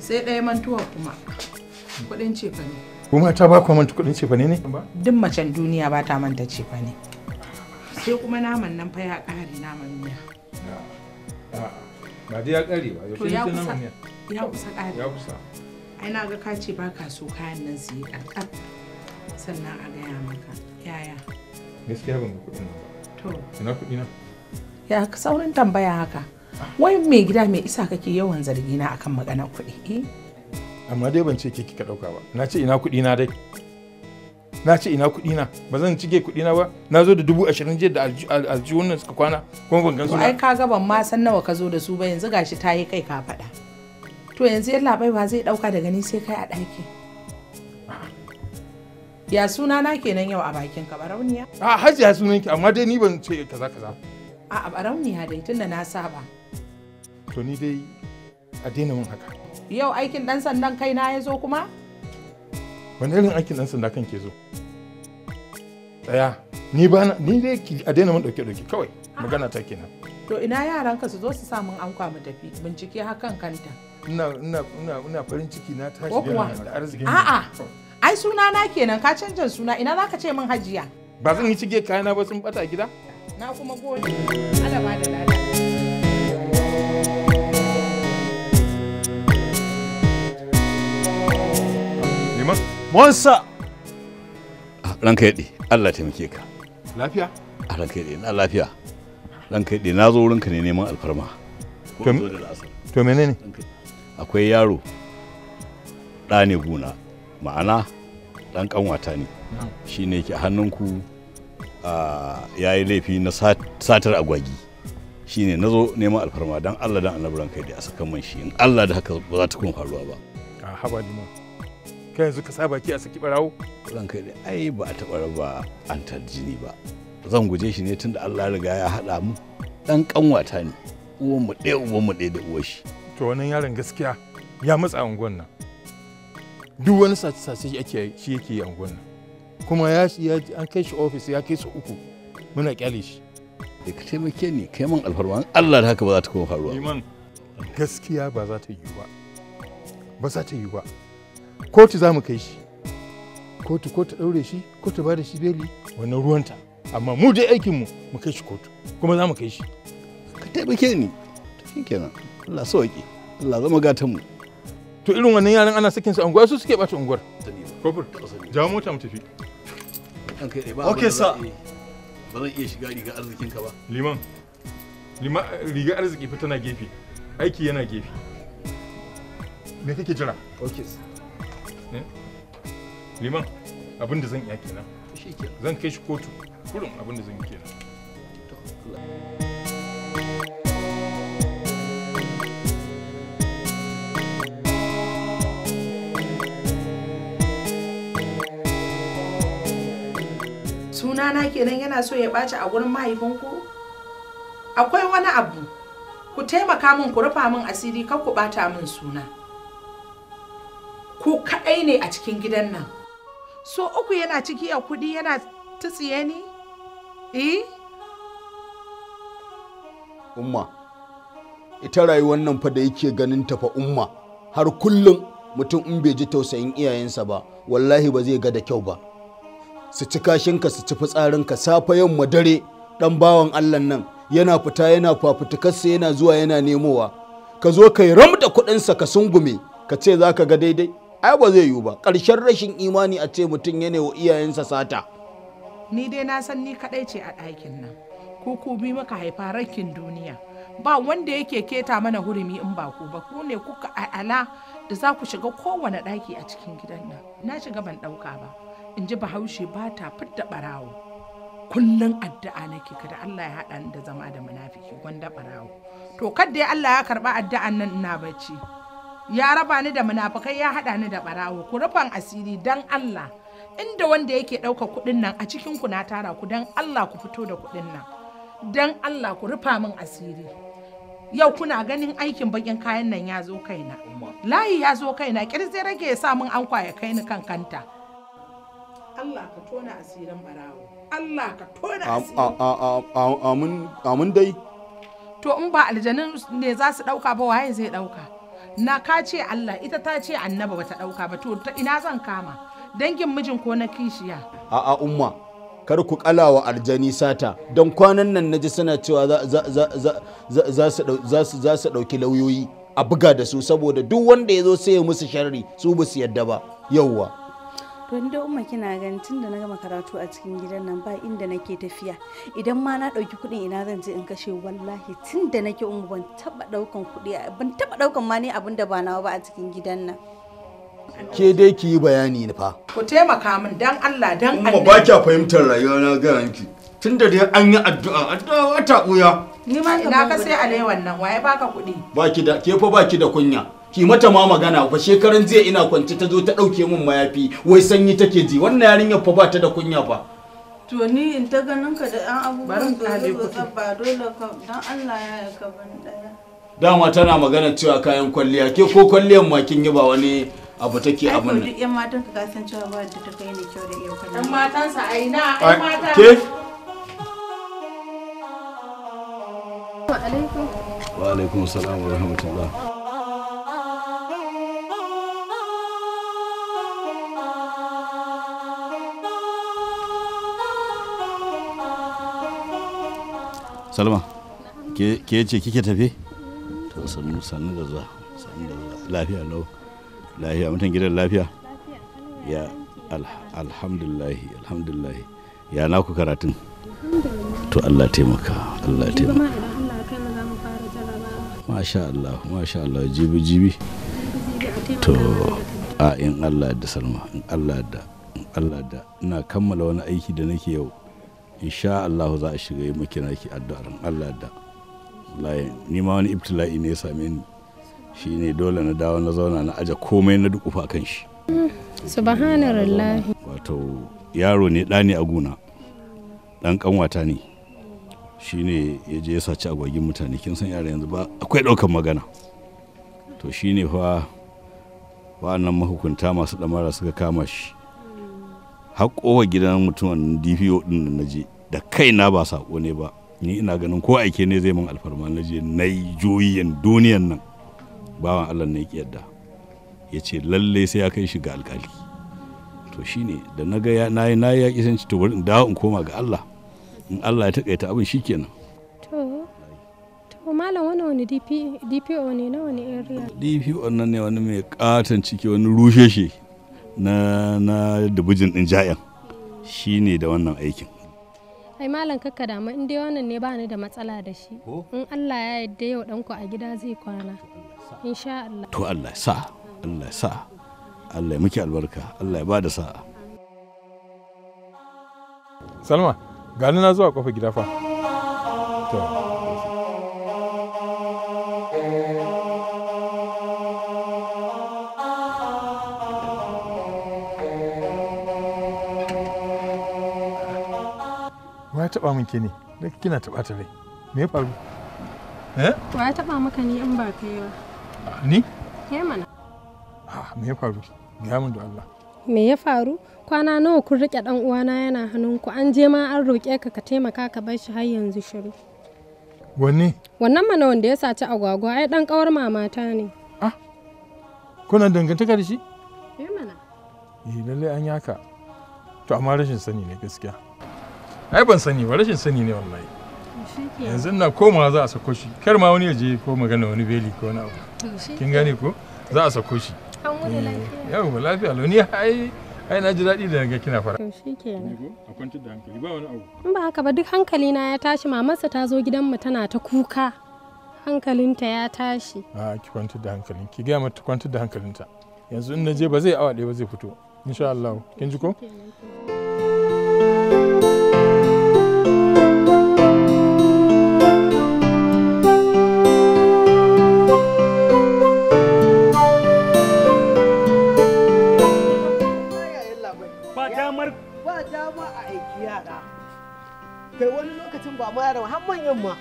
sai ɗaya mantuwa kuma kuɗin cefane kuma ta ba ku manta kuɗin cefane ne duk macen duniya ba ta manta cefane sai kuma naman nan fa ya ƙare naman miya ah, ba dai ya ƙare ba yaushe ya kusa ya kusa ƙare ya kusa ai na ga ka ce ba ka so kayan nan su yi ƙarƙar sannan a gaya maka yaya gaskiya ban ga kuɗin nan ba to ina kuɗi na ya saurin tambaya haka wai mai gida mai isa kake yawan zargi na akan maganar kuɗi eh? amma dai ban ce ke kika ɗauka ba na ce ina kuɗi na dai na ce ina kuɗi na ba zan cike kuɗi na ba na zo da dubu ashirin jiya da aljihun nan suka kwana kuma ban gansu ba ai ka ga ban ma san nawa ka zo da su ba yanzu gashi ta yi kai ka faɗa to yanzu yalla bai ba zai ɗauka daga ni sai kai a ɗaki ya suna na kenan yau a bakin ka barauniya a hajiya ki amma dai ni ban ce kaza kaza A'a barauniya dai tunda na saba. To ni dai a daina mun haka. Yau aikin dan sandan kai na ya zo kuma? Wani irin aikin dan sanda kan ke zo? Tsaya, ni ba ni dai a daina min ɗauke-ɗauke kawai ah. magana ta kenan. To ina yaranka su zo su sa mun an mu tafi bincike hakan kanta. Ina ina ina ina farin ciki na tashi da arziki. A'a. Ai suna na kenan ka canja suna ina zaka ce min hajiya. Ba zan yi cike kayana ba sun bata gida? na kuma gode Allah ba da lafiya Monsa! Ah, ranka yaɗe, Allah taimake ka. Lafiya? A ah, ranka yaɗe, na lafiya. Ranka yaɗe, na zo wurinka ne neman alfarma. To me ne. Akwai yaro, ɗa ne guna, ma'ana ɗan ƙanwata ne. Shi ne ke hannunku ya yi laifi na satar agwagi shine na zo neman alfarma don allah don annabi ranka da a sakan man shi in allah da haka ba za ta kun faruwa ba a haba liman kai yanzu ka saba ki a saki barawo ranka da ai ba a taɓa raba an jini ba zan guje shi ne tunda allah riga ya haɗa mu dan kanwata ne uwan mu ɗaya uwan mu ɗaya da uwar shi to wannan yaron gaskiya ya matsa unguwan nan duk wani sace-sace shi yake yi unguwan nan kuma ya an kai shi ofis ya kai su uku muna kyale shi da ka taimake ni kai man an Allah da haka ba za ta koma faruwa iman gaskiya ba za ta yi ba ba za ta yi ba kotu za mu kai shi kotu ko ta daure shi ko ta bada shi beli wannan ruwanta amma mu dai aikin mu mu kai shi kotu kuma za mu kai shi ka taimake ni kenan Allah sauki Allah zama gatan mu to irin wannan yaran ana sakin su anguwa su suke bata unguwar kofur ja mota mu tafi kanka ya okay sa iya shiga rigar liman riga arziki fa tana gefe aiki yana gefe me kake jira liman abin da zan iya kenan zan kai shi kotu kurin abin da zan iya kenan ɗana kenan yana so ya ɓaci a gurin mahaifinku akwai wani abu ku taimaka min ku rufa min asiri kar ku ɓata min suna ku kaɗai ne a cikin gidan nan so uku yana ciki a kuɗi yana tsiye ni eh? umma ita rayuwar nan fa da yake ganin ta umma har kullum mutum in bai ji tausayin iyayensa ba wallahi ba zai ga da kyau ba su ci kashinka su ci fitsarinka safe yamma dare dan bawan Allah nan yana fita yana fafutukarsa yana zuwa yana nemowa ka zo ka yi ram da kuɗinsa ka sungume ka ce za ka ga daidai ai ba zai yiwu ba karshen rashin imani a ce mutum ya wa iyayensa sata ni dai na san ni kaɗai ce a ɗakin nan ko ku bi maka haifa rakin duniya ba wanda yake keta mana hurumi in ba ku ba ku ne kuka ala da za ku shiga kowane ɗaki a cikin gidan nan na shiga ban ɗauka ba in ji bahaushe ba ta fidda barawo kullum addu'a nake kada Allah ya haɗa da zama da munafiki gwanda barawo to kadda Allah ya karɓa addu'an nan ina bacci ya raba ni da munafikai ya haɗa ni da barawo ku rufan asiri dan Allah inda wanda yake ɗauka kuɗin nan a cikin ku na tara ku dan Allah ku fito da kuɗin nan dan Allah ku rufa min asiri yau kuna ganin aikin bakin kayan nan ya zo kaina layi ya zo kaina kirzi rage ya sa min an kwaya kai ni kan kanta Allah ka tona asirin barawo Allah ka tona asirin amin dai to in ba aljanin ne za su dauka ba waye zai ɗauka? na ka ce Allah ita ta ce annaba bata ɗauka ba to ina zan kama dangin mijin ko na kishiya A umma kar ku kalawa aljani sata don kwanan nan naji suna cewa za su dauki lauyoyi a buga da su saboda duk wanda ya zo sai musu sharri su ba su yadda ba yauwa to ni da umma kina gani tun da na gama karatu a cikin gidan nan ba inda nake tafiya idan ma na ɗauki kuɗin ina zan je in kashe wallahi tun da nake umma ban taɓa ɗaukan kuɗi ban taba ɗaukan ma ne abin da ba nawa ba a cikin gidan nan ke dai ki yi bayani fa ku taimaka min dan Allah dan Allah umma ba kya fahimtar rayuwa na ga yanki da dai an yi addu'a addu'a ta ɓuya ni ma ina ka sai alewan nan waye baka kuɗi baki da ke fa baki da kunya ki mata ma magana fa shekaran jiya ina kwance ta zo ta dauke min mayafi wai sanyi take ji wannan yarinyar fa ba ta da kunya fa to ni in ta ganin ka da ɗan abubuwan da ba dole ka dan Allah ya ka ban daya. dama tana magana cewa kayan kwalliya ke ko kwalliyan ma kin yi ba wani abu take abin nan ai duk yan matan ka san cewa ba da ta kai ne kyau da iya kwalliya matan sa ai na ai matan ke wa alaikum wa alaikum salam wa rahmatullah salma ke ce kike tafi to sannu sannu da zuwa sannu da zuwa lafiya lau lafiya mutan gidan lafiya ya alhamdulillahi alhamdulillahi ya na ku karatun to Allah taimaka Allah taimaka masha Allah masha Allah jibi jibi to a in Allah da salma in Allah da in Allah da ina kammala wani aiki da nake yau insha Allah za a shiga yi maki naki addu'ar Allah da wallahi ni ma wani ibtila'i ne ya same ni shine dole na dawo na zauna na aja komai na dukufa kan shi subhanallah wato yaro ne da ne a gona ɗan kanwata ne shine ya je ya saci agwagin mutane kin san yara yanzu ba akwai ɗaukar magana to shine fa wa'annan mahukunta masu ɗamara suka kama shi har kowa gidan mutumin dpo din na je da kaina ba sako ne ba ni ina ganin ko aike ne zai min alfarma na je na yi juyin duniyan nan bawan allah ne ki yadda ya ce lallai sai ya kai shi ga alkali to shine da na ga na yi ya yi yaƙi to bari in dawo in koma ga allah in allah ya taƙaita abin shi to malam wani wani dpo ne na wani area dpo nan ne wani mai katon ciki wani rushe shi na na dubujin din shi shine da wannan aikin ai malam kakka da in dai wannan ne ba ni da matsala da shi in Allah ya yarda yau dan danku a gida zai kwana insha Allah to Allah sa Allah sa Allah ya miki albarka Allah ya da sa'a Salma gani na zuwa kofa gida fa to taɓa min ke ne da kina taɓa ta rai me ya faru eh wa ya taɓa maka ni in ba kai ba ni ke mana ah me ya faru ga mun da Allah me ya faru kwana nawa kun rike dan uwana yana hannunku an je ma an roƙe ka ka taimaka ka bar shi har yanzu shiru wanne wannan mana wanda ya saci agwagwa ai dan kawar mamata ne ah kuna dangantaka da shi eh mana eh lalle an yaka to amma rashin sani ne gaskiya ai ban sani ba rashin sani ne wallahi yanzu na komawa za a sako shi kar ma wani ya je ko magana wani beli ko wani abu kin gane ko za a sako shi yau ba eh, lafiya launi ai ai na ji daɗi da ga kina fara shi a kwantar da hankali ba wani abu in ba haka ba duk hankali na ya tashi mamarsa ta zo gidanmu tana ta kuka hankalinta ya tashi a ki kwantar da hankalin ki ga mata kwantar da hankalinta yanzu in na je ba zai awa ɗaya ba zai fito insha Allah kin ji ko kai wani lokacin ba ma yaran har manyan ma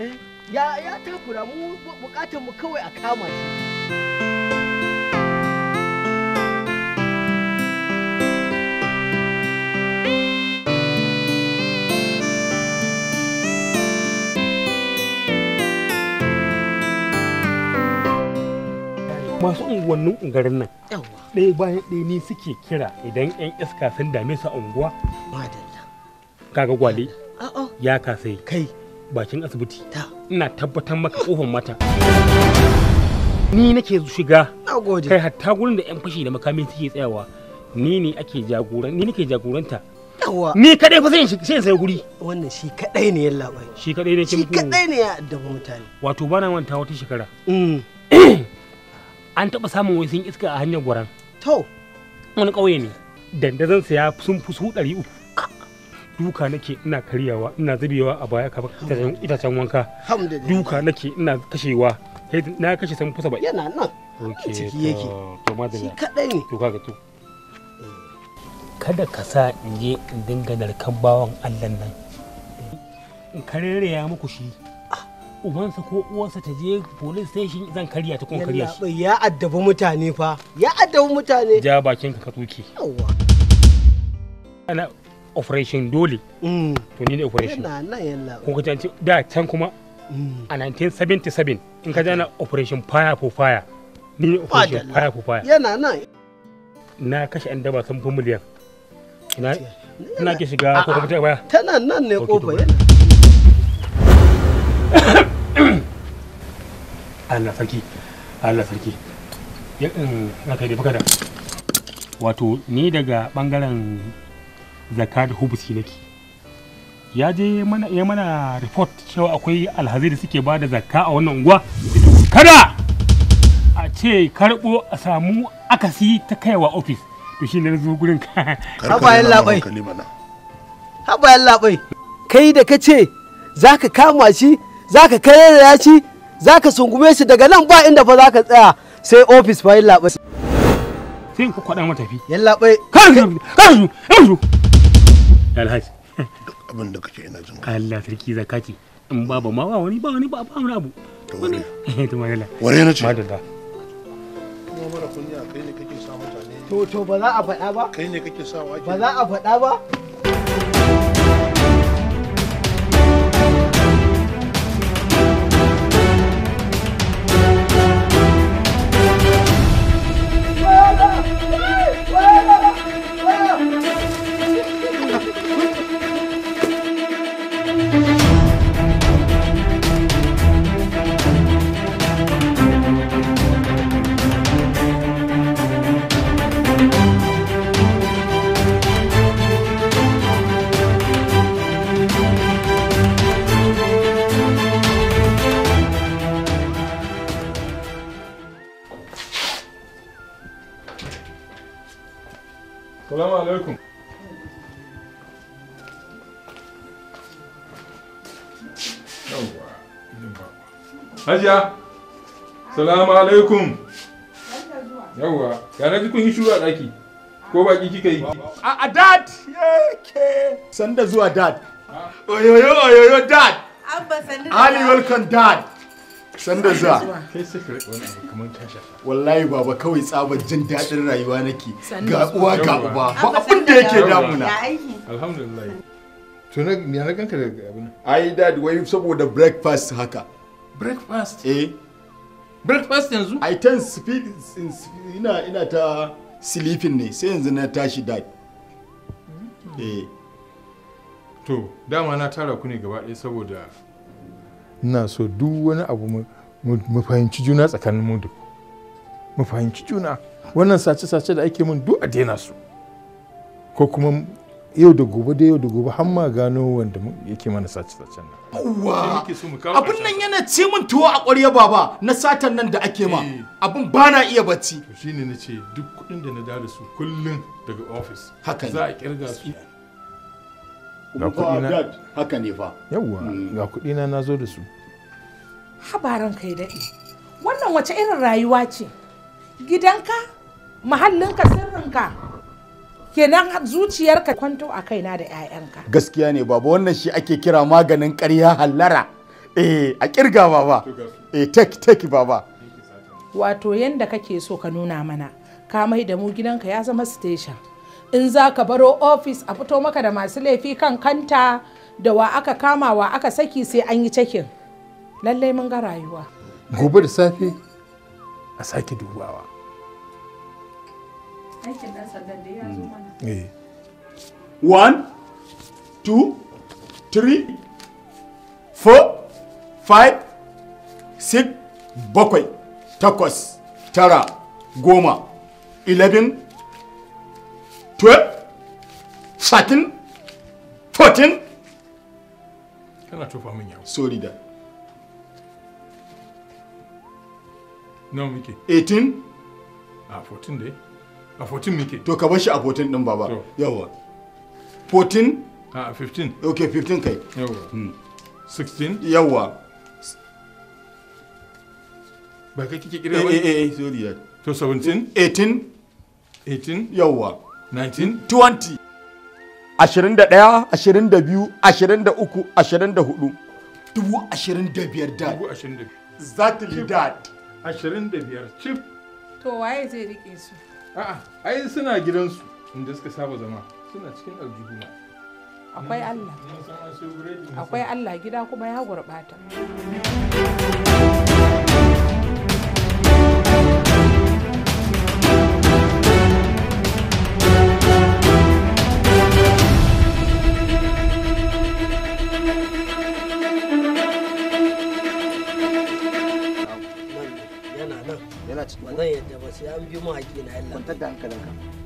eh, ya ya takura mu bukatar mu kawai a kama shi masu unguwannin garin nan ɗaya bayan ɗaya ne suke kira idan 'yan iska sun dame su a unguwa kaga gwale ya kasai kai bakin asibiti ina tabbatar maka kofar mata ni nake shiga kai hatta gurin da yan fashi da makamin suke tsayawa ni ne ake jagoran ni nake jagoranta ni kadai fa sai sai sai guri wannan shi kadai ne yalla bai shi kadai ne shi kadai ne ya addaba mutane wato bana wanta wata shekara mm. an taba samun wasu iska a hanyar gwaran to wani kauye ne dandazon sa ya sun fi su 300 duka nake ina karyawa ina zubewa a baya ka itacen wanka duka nake ina kashewa na kashe san fusa ba yana nan ciki yake to madalla kadai ne to kaga to eh. kada ka sa in je in dinga narkan bawan Allah nan in karere ya muku shi ah. ubansa ko uwarsa ta je police station zan karya ta kuma karya shi ya addabi mutane fa ya addabi mutane ja bakin ka ka yawa ana operation dole mm. to ni ne operation kun ka ce da can kuma mm. a 1977 in ka jana operation fire for fire ni ne operation fire for fire yana nan na kashe an daba sun fi miliyan na ke shiga ko ka ta baya tana nan ne kofa yana Allah sarki Allah sarki na mm, kai da baka da wato ni daga bangaren zakka da hubusi nake ya je mana ya mana report cewa akwai alhazai da suke ba da zakka a wannan unguwa kada a ce karbo a samu akasi ta kaiwa ofis to shi ne zo gurin ka habayen labai habayen labai kai da ka ce za ka kama shi za ka karya shi za ka sungume shi daga nan ba inda fa za ka tsaya sai ofis fa yin labai sai ku kwaɗa matafi yan labai kan kan alhaji duk abin da kace ina jin ka Allah sarki zakaki in ba ba ma ba wani ba wani ba ba wani abu to madalla wani ne ce madalla kuma mara kunya kai ne kake sa mutane to to ba za a faɗa ba kai ne kake sa wake ba za a faɗa ba alaikum. Yawwa, ya na kun yi shuru a ɗaki. Ko baki kika yi? A dad! Yake! Sanda zuwa dad. Oyoyo oyoyo dad! Abba sanda Ali welcome dad! Sanda zuwa. Kai sai ka wani abu kamar tasha. Wallahi baba kawai tsabar jin dadin rayuwa nake. Ga uwa ga uba. Ba abin da yake damuna. Alhamdulillah. To na ganka da abin. Ai dad wai saboda breakfast haka. Breakfast? Eh. breakfast yanzu i ten speed ina ina ta sleeping ne sai yanzu na tashi da mm-hmm. eh to dama na tara ku ne gaba ɗaya saboda ina so duk wani abu mu fahimci juna tsakanin mu duk mu fahimci juna wannan sace-sace da ake min duk a daina su ko kuma yau da gobe da yau da gobe har ma gano wanda yake mana sace sacen nan. Wa! Abin nan yana ce min tuwo a ƙwarya baba na satan nan da ake ma. Eh. Abin ba na iya bacci. To shine na ce duk kuɗin da na da su kullum daga ofis. Haka Za a kirga su. Ga kuɗi na. Haka ne fa. Yawwa mm. ga kuɗi na nazo da su. Habaran kai daɗi. Wannan wace irin rayuwa ce? Gidanka? Mahallinka sirrinka? kenan zuciyarka kwanto a kaina da 'ya'yanka gaskiya ne baba wannan shi ake kira maganin ƙarya hallara eh a kirga baba eh take take baba wato yanda kake so ka nuna mana kamai da mu gidanka ya zama station in za ka baro ofis a fito maka da masu laifi kan kanta da wa aka kama wa aka saki sai an yi cakin lallai mun ga rayuwa gobe da safe a sake dubawa da ya mm. eh. one two three four five six bakwai takwas tara goma eleven twelve thirteen fourteen kana tofa min yawo sorry da nawa muke 18 a 14 dai a 14 muke to ka a 14 din baba yawa 14 a 15 okay 15 kai yawa 16 hmm. ba kai kike kira eh, ba eh eh, eh sorry to 17 18 18 yawa 19 20 21 22 23 24 dubu ashirin da biyar dubu ashirin da biyar to waye zai rike su A'a, ai suna gidansu inda suka saba zama. Suna cikin aljihuna. Akwai Allah. Akwai Allah gida kuma ya gurɓata.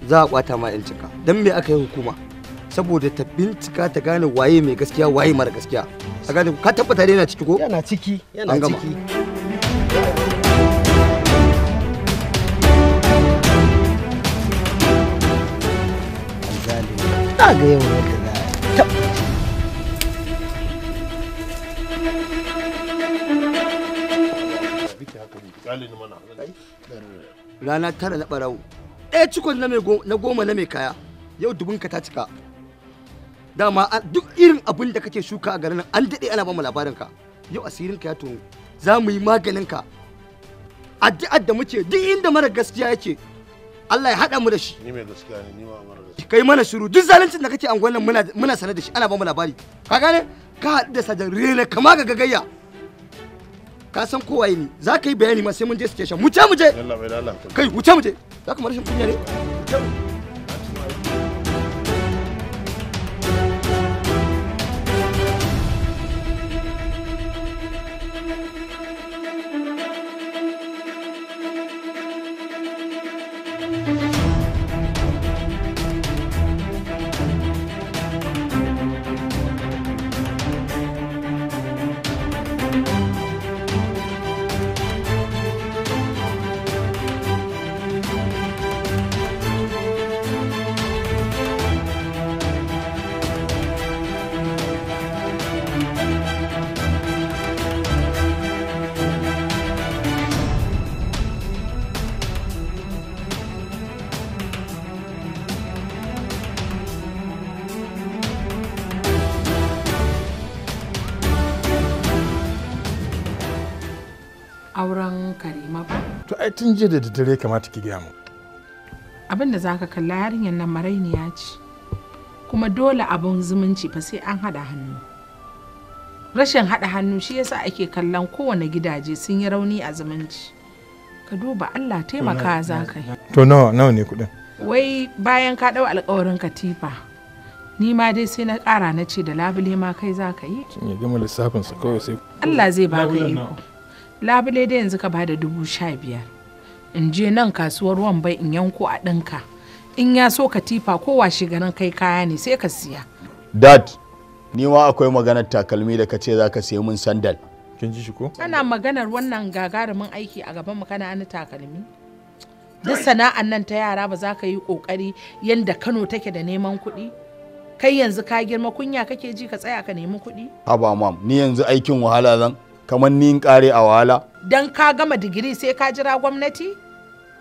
za a kwata ma cika don me aka yi hukuma saboda ta bincika ta gane waye mai gaskiya waye mara gaskiya a gane ka tabbata dai yana ciki ko yana ciki yana ciki ga yau rana tara na ɓarawo ɗaya cikon na goma na mai kaya yau dubinka ta cika dama duk irin abin da kake shuka a garin an daɗe ana bamu labarin ka yau asirin ka ya tono za mu yi maganin ka addu'ar da muke duk inda mara gaskiya yake Allah ya haɗa mu da shi ni mai gaskiya ne ni ma mara gaskiya kai mana shiru duk zalincin da kake an nan muna muna sanar da shi ana bamu labari ka gane ka haɗu da sajan rena kama ga gagayya ka san ko waye ni za ka yi bayani ma sai mun je station mu ce mu je kai wuce mu je za ka mara shin kunya ne ai tun jiya da daddare kamata ki gaya mu abin da zaka kalla yarinyar nan marainiya ce kuma dole abin zumunci fa sai an hada hannu rashin hada hannu shi yasa ake kallon kowane gidaje sun yi rauni a zumunci ka duba allah taimaka za ka yi to nawa nawa ne kuɗin wai bayan ka ɗau alƙawarin katifa ni ma dai sai na ƙara na ce da labule ma kai za ka yi ya gama su kawai sai allah zai baka iko labule dai yanzu ka bada dubu sha biyar in je nan kasuwar wambai in yanko a ɗinka in ya so katifa ko washe garin kai kaya ne sai ka siya dad ni ma akwai maganar takalmi da ka ce za ka siya mun sandal kin ji shi ko ana maganar wannan gagarumin aiki a gaban mu kana ani takalmi duk sana'an nan ta yara ba za ka yi kokari yadda Kano take da neman kuɗi kai yanzu ka girma kunya kake ji ka tsaya ka nemi kuɗi haba mam ni yanzu aikin wahala zan kamar ni in kare a wahala dan ka gama digiri sai ka jira gwamnati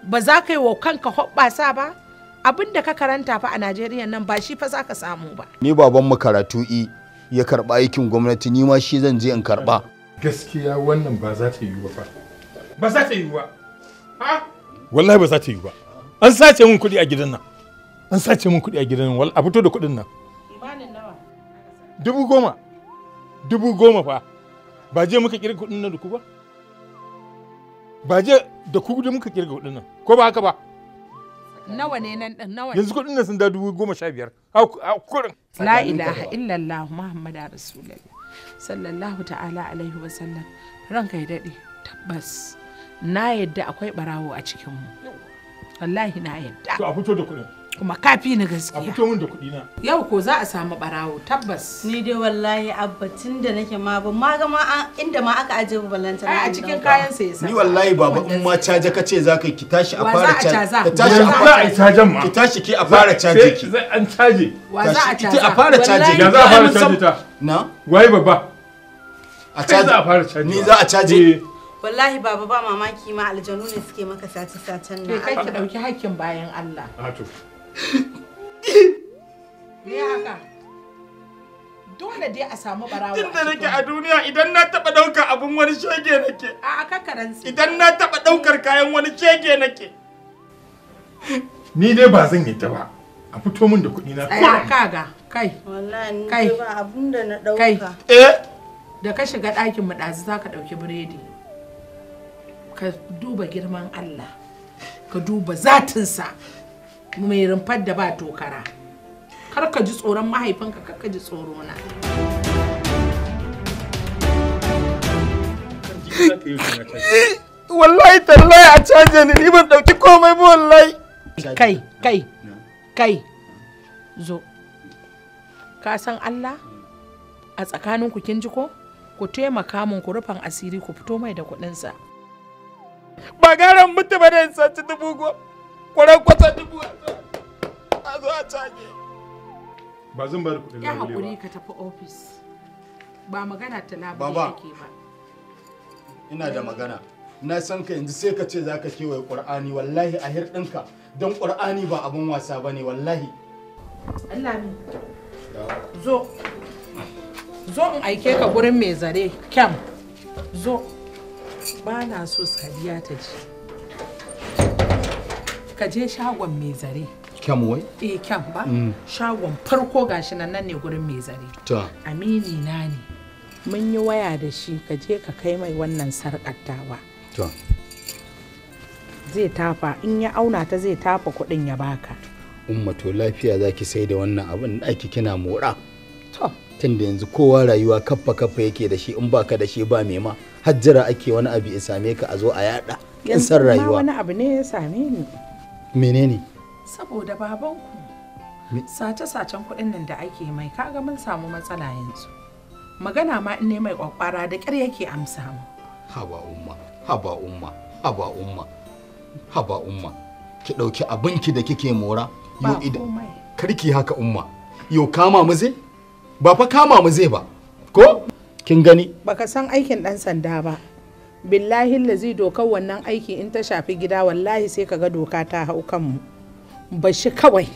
ba za ka yi wa kanka hoɓɓasa ba abin da ka karanta fa a najeriya nan ba shi fa za ka samu ba ni baban mu karatu i ya karɓa aikin gwamnati ni ma shi zan je in karɓa gaskiya wannan ba za ta yiwu ba ba za ta yiwu ba wallahi ba za ta yi ba an sace min kuɗi a gidan nan an sace mun kuɗi a gidan nan a fito da kuɗin nan imanin nawa dubu goma dubu goma fa ba je muka kuɗin nan da ku ba ba je da ku da muka kirga kudin nan ko ba haka ba nawa ne nan din nawa yanzu kudin nan sun da dubu goma sha biyar a kurin la ilaha illallah muhammadu rasulullah sallallahu ta'ala alaihi wa sallam ranka ya dade tabbas na yadda akwai barawo a cikin mu wallahi na yadda to a fito da kudin kuma kafi ni gaskiya. A fito min da kuɗi na. Yau ko za a samu barawo tabbas. Ni dai wallahi abba tun da nake ma ba ma ga ma inda ma aka aje ba balanta na. A cikin kayan sa yasa. Ni wallahi baba in ma caja ka ce za ka ki tashi a fara caja. Ka tashi a fara a cajan ma. Ki tashi ki a fara caje ki. sai an caje. Wa za a caja. Ki a fara caje. Ya za a fara caje ta. Na. Wai baba. A caje. za a fara caje. Ni za a caje. Eh. wallahi baba ba mamaki ma aljanu ne suke maka sace-sacen na Kai ka dauki hakkin bayan Allah. Me haka? Dole dai a samu barawo. Tunda nake a duniya idan na taɓa ɗaukar abin wani shege nake. A kakkaransu. Idan na taɓa ɗaukar kayan wani shege nake. Ni dai ba zan yi ta ba. A fito min da kuɗi na. Tsaya kaga kai. Wallahi kai. ba abin da na ɗauka. Kai. Eh. Da ka shiga ɗakin mu ɗazu za ka ɗauki biredi. Ka duba girman Allah. Ka duba zatinsa. mai rumfar da ba tokara kar ka ji tsoron mahaifinka kar ka ji tsoro na wallahi tallahi a canje ni ni ban dauki komai ba wallahi kai kai kai zo ka san Allah a tsakaninku kin ji ko ku taimaka min ku rufan asiri ku fito mai da kuɗinsa. Ba garan mutu ba da dubu goma. kwarar kwata dubu a zo a cage ba zan bar kuɗin labule ba ya haƙuri ka tafi ofis ba magana ta labule yake ba ina da magana na san ka yanzu sai ka ce za ka kewaye ƙur'ani wallahi a hirɗinka don ƙur'ani ba abin wasa ba ne wallahi Allah ne zo zo in aike ka gurin mai zare kyam zo ba na so sadiya ta ji ka je shagon mai zare kyam wai eh kyam ba mm. shagon farko gashi nan nan ne gurin mai zare to amini na ne mun yi waya da shi ka je ka kai mai wannan sarƙar tawa to zai tafa in ya auna ta zai tafa kuɗin ya baka umma to lafiya zaki sai da wannan abin da ake kina mora to tunda yanzu kowa rayuwa kaffa kaffa yake da shi in baka da shi ba me ma hajjira ake wani abu ya same ka a zo a yada yan san rayuwa wani abu ne ya same ni menene saboda babanku sace-sacen kuɗin nan da ake mai kaga mun samu matsala yanzu magana ma in ne mai kwakwara da ƙyar yake amsa mu haba umma haba umma haba umma haba umma ki ɗauki abinki da kike mora yo ida karki haka umma yo kama mu zai ba fa kama mu zai ba ko kin gani baka san aikin ɗan sanda ba billahi lazi dokar wannan aiki in ta shafi gida wallahi sai ka ga doka ta hau kanmu bashi kawai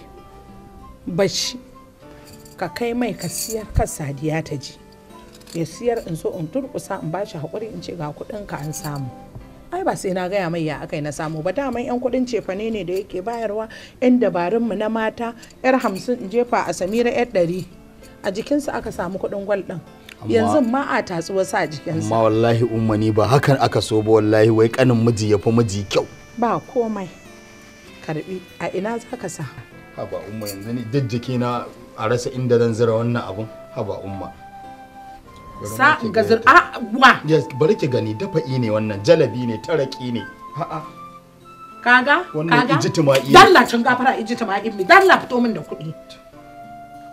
bashi ka kai mai ka siyar ka sadiya ta ji ya siyar in so in turkusa in ba shi haƙuri in ce ga kuɗin ka an samu ai ba sai na gaya mai ya aka yi na samu ba daman yan kuɗin cefane ne da yake bayarwa yan dabarun na mata yar hamsin in jefa a samira yar ɗari a jikinsu aka samu kuɗin gwal ɗin yanzu ma a tatsu wasu a jikinsa amma wallahi ummani ba hakan aka so ba wallahi wai kanin miji ya fi miji kyau ba komai karbi a ina za ka sa haba umma yanzu ni duk na a rasa inda zan zira wannan abun haba umma sa ga a ah, wa yes bari ki gani dafa'i ne wannan jalabi ne taraki ne kaga kaga wannan ijitima'i dalla cin gafara ijitima mi dalla fito min da kuɗi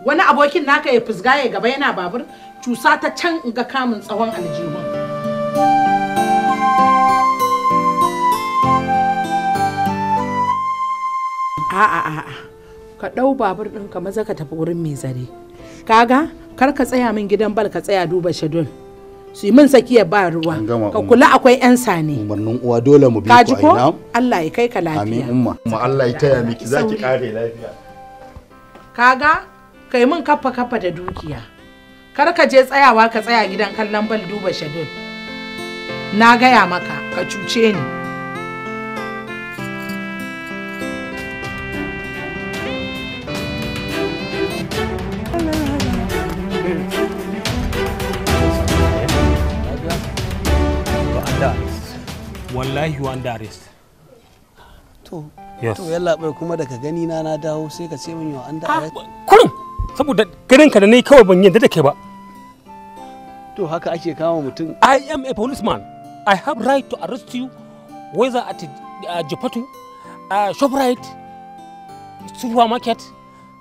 wani abokin naka ya fusga ya gaba yana babur cusa ta can in ga kamun tsawon aljihun a'a a ka ɗau babur ka maza ka tafi wurin mai zare kaga kar ka tsaya min gidan bal ka tsaya duba shadul su yi min sakiya ba ruwa ka kula akwai yan sane umarnin uwa dole mu bi ku aina ko Allah ya kai ka lafiya amin umma Allah ya taya miki zaki kare lafiya kaga kai mun kafa kafa da dukiya kar ka je tsayawa ka tsaya gidan kallon bal duba shadul na gaya maka ka cuce ni wallahi wanda arrest to to yalla bai kuma daga gani na na dawo sai ka ce min yo an da ah, arrest kurum saboda garin ka da ne kawai ban yadda da kai ba to haka ake kama mutum i am a policeman i have right to arrest you whether at a uh, jopatu a uh, shoprite supermarket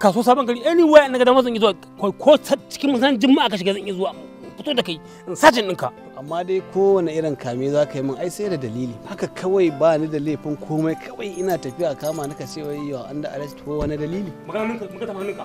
kaso sabon gari anywhere na ga damar zan yi zuwa ko cikin masanin jima'a ka shiga zan yi zuwa fito da kai in sajin ɗinka. amma dai kowane irin kame za ka yi min ai sai da dalili haka kawai ba ni da laifin komai kawai ina tafiya kama naka ce yi wa an da arrest ko wani dalili Maganin ninka magana ninka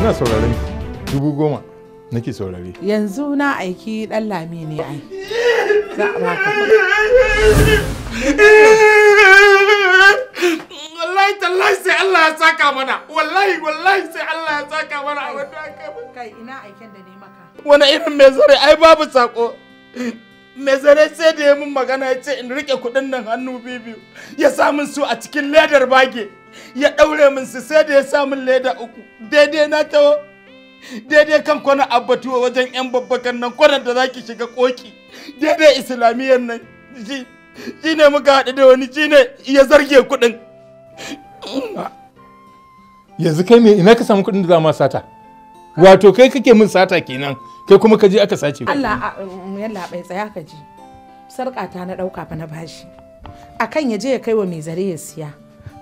ina saurare dubu goma nake saurare yanzu na aiki dan lami ne ai za a baka wallahi tallahi sai Allah ya saka mana wallahi wallahi sai Allah ya saka mana a wannan kai ina aiken da ne maka wani irin mai zare ai babu sako mai zare sai da ya mun magana ya ce in rike kudin nan hannu bibiyu ya samun su a cikin ledar bage ya ɗaure min su sai da ya sa min leda uku daidai na tawo daidai kan kwana abbatuwa wajen yan babbakan nan kwanan da zaki shiga koki daidai islamiyyar nan ji ne muka haɗu da wani ji ne ya zarge kuɗin yanzu kai me ina ka samu kuɗin da za ma sata wato kai kake min sata kenan kai kuma ka je aka sace Allah um, yalla bai tsaya ka ji sarƙa ta na ɗauka fa na bashi akan ya je ya kai wa mai zare ya siya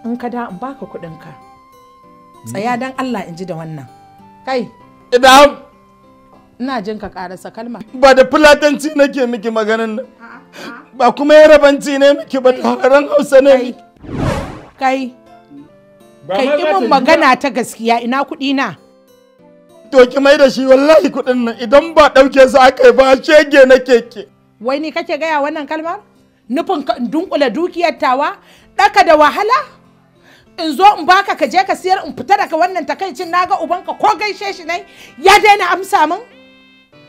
in ka da in baka ka mm. tsaya don Allah in ji da wannan kai idan ina jin ka karasa kalma ba da fulatanci nake miki maganin nan ba kuma yarabanci ne miki ba da haran hausa ne Kai kai kai imin magana ta gaskiya ina kudi na to ki mai da shi wallahi kuɗin nan idan ba ɗauke su aka yi ba shege na keke wai ni kake gaya wannan kalmar nufin dunkula dukiyar tawa ɗaka da wahala in zo in baka ka je ka siyar in fita daga wannan takaicin naga ubanka ko gaishe shi ne ya daina amsa min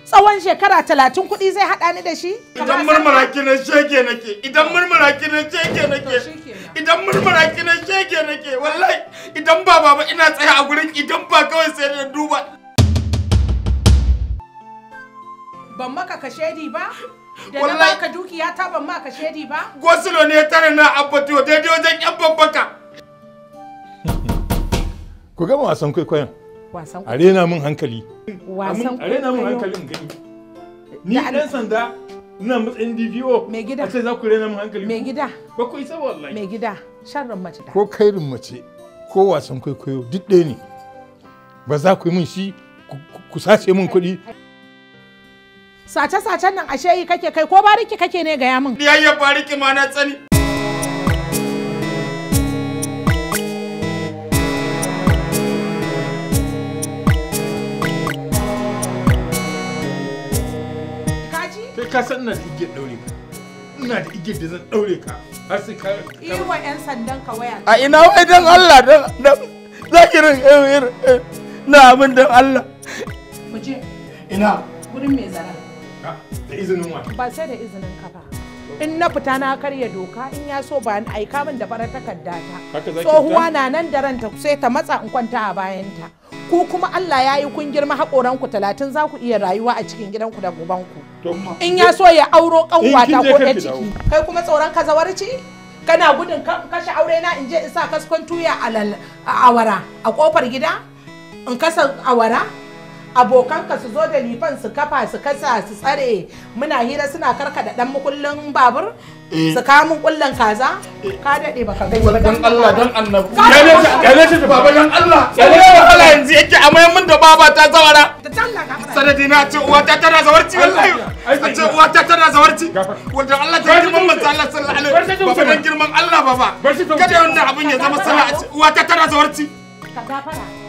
tsawon shekara talatin kuɗi zai haɗa ni da shi? Idan murmura ki na shege nake, idan murmura ki na shege nake, idan murmura ki na shege nake, wallahi idan ba baba ina tsaya a gurin idan ba kawai sai na duba. Ban maka ka shedi ba? Da na baka dukiya ta ban maka shedi ba? Gosulo ne tare na abbatiyo daidai wajen yan babbaka. ku gama wasan kwaikwayon a rena mun hankali a rena hankalin gani ni dan sanda ina matsayin DPO mai gida a ce za ku rena mun hankali mai gida ba ku isa wallahi mai gida sharrin mace ko kairin mace ko wasan kwaikwayo duk ɗaya ne ba za ku yi mun shi ku sace min kuɗi sace-sacen nan ashe yi kake kai ko bariki kake ne gaya min. Yayyan bariki ma na tsani. kai ka san ina da igiyar daure ka ina da igiyar da zan daure ka har sai ka yi wa yan sandan ka waya a ina wai dan Allah dan dan zakirin irin eh, eh, eh, na abin dan Allah mu je ina gurin mai zara da izinin wa ba sai da izinin ka ba in na fita na karya doka in ya so ba aika min da farar takarda ta tsohuwa na nan da ranta sai ta matsa in kwanta a bayanta ku kuma Allah ya yi kun girma haƙoranku talatin za ku iya rayuwa a cikin gidanku da gobanku in ya so ya auro kanwata ko ɗan ciki kai kuma tsoron ka zawarci kana gudun kashe aure na in je in sa kaskon tuya a awara a kofar gida in kasa awara abokanka su zo da lifan su kafa su kasa su tsare muna hira suna karkada dan mukullin babur eh. su kawo mun kullan kaza eh. ka dade baka ga wala dan Allah dan annabi ya ne ya ne ta baba dan Allah ya ne wala yanzu yake amma mun da baba ta zawara sanadi na ce uwa ta tana zawarci wallahi a ce uwa ta tana zawarci wanda Allah ta yi manzo Allah sallallahu alaihi baba dan girman Allah baba kada wannan abin ya zama sana'a uwa ta tana zawarci ka gafara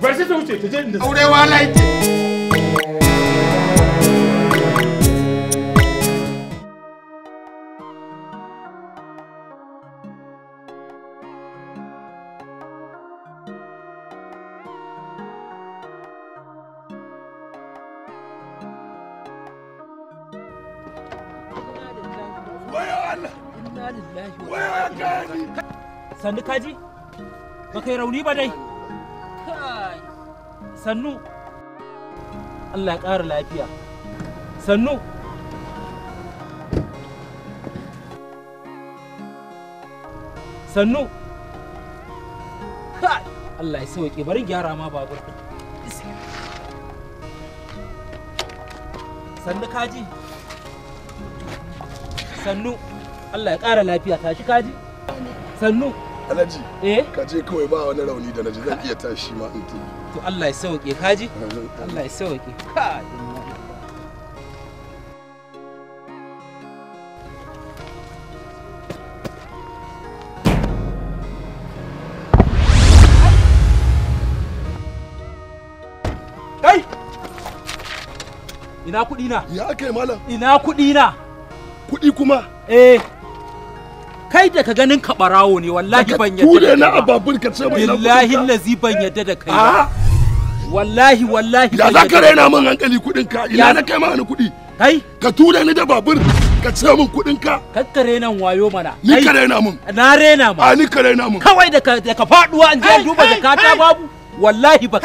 bar sai ta wuce ta je inda aurewa na yake sannu kaji ba kai rauni ba dai sannu Allah ya ƙara lafiya sannu sannu Allah ya sauke bari gyara ma babur sannu kaji sannu Allah ya ƙara lafiya tashi kaji sannu Alhaji, eh? kawai ba wani rauni da naji zan iya tashi ma in tuni. to Allah ya sauke ka ji Allah ya sauke ka Ina kudi na? Ya kai malam. Ina kudi na? kudi kuma? Eh. Kai da ka ganin ka barawo ne wallahi ban yadda da kai ba. Ture na ababun ka ce mai na Billahi lazi ban yadda da kai ba. wallahi wallahi ya za ka raina min hankali kudin ka ina na kai ma ni kudi kai ka tura ni da babur ka ce min kudin ka kakka raina wayo mana ni ka raina min na raina ma a ni ka raina min kawai da ka ka faduwa an je duba zakata babu wallahi ba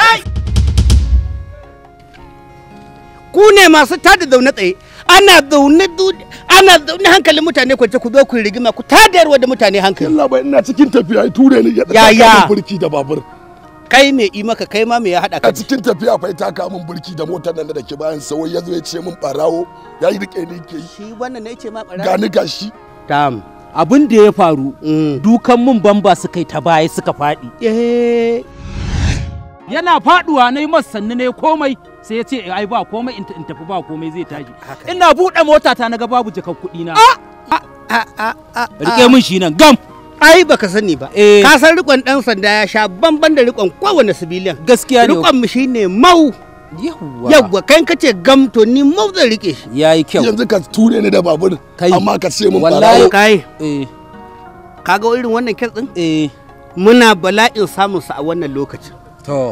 ku ne masu tada zaune tsaye ana zaune ana zaune hankalin mutane kwance ku zo ku rigima ku tadarwa da mutane hankali Allah bai ina cikin tafiya ture ni ya da burki da babur kai me yi maka kai ma me ya hada ka a cikin tafiya fa ta ka mun burki da motar nan da ke bayan sawai ya zo ya ce min barawo ya yi rike ni ke shi wannan ne ce ma barawo gani gashi tam abin da ya faru mm. dukan mun bamba su yi ta baya suka faɗi eh. yana faduwa nayi masa sannu ne komai sai ya ce ai ba komai in tafi ba komai zai tashi ina buɗe mota ta naga babu jakar kuɗi na ah! ah! ah! rike mun shi nan gam ai baka sani ba eh. ka san rikon dan sanda ya sha bamban da rikon kowane civilian gaskiya ne rikon mu shine mau yawwa kai ka ce gamto ni mau zan rike shi yayi kyau yanzu ka ture ni da babur amma ka ce mun wallahi kai eh. kaga irin wannan kes din eh muna bala'in samun sa a wannan lokacin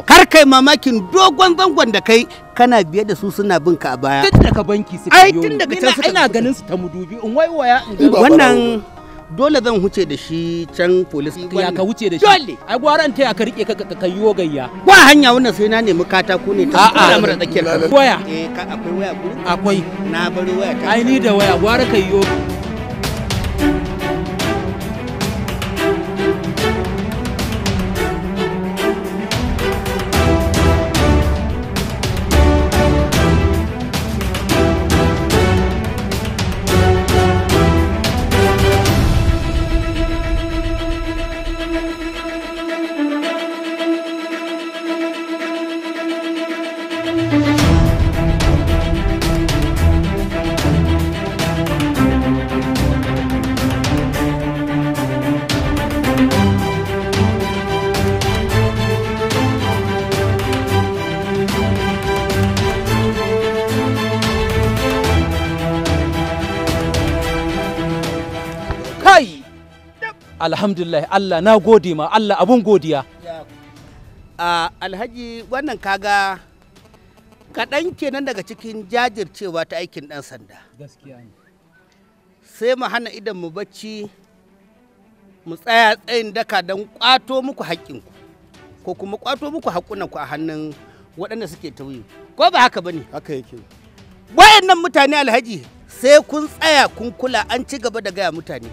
kar kai mamakin dogon zangon da kai kana biye da su suna bin ka a baya tun daga banki suka yi ai tun daga can suka ina ganin su ta mudubi in waiwaya wannan dole zan huce da shi can polis ya ka huce da shi dole ai gwaran ta ya ka rike ka ka yi wogayya ba hanya wannan sai na nemi katako ne ta a mura tsakiyar waya eh, ka akwai waya akwai na bari waya ta ai ni da waya gwara ka yi alhamdulillah Allah na gode ma Allah abun godiya ah, alhaji wannan kaga kaɗan kenan daga cikin jajircewa ta aikin ɗan sanda sai mu hana idan mu bacci mu tsaya tsayin daka don ƙwato muku haƙƙinku ko kuma ƙwato muku haƙunanku a hannun waɗanda suke tauye ko ba haka ba ne haka yake wayannan mutane alhaji sai kun tsaya kun kula an ci gaba da gaya mutane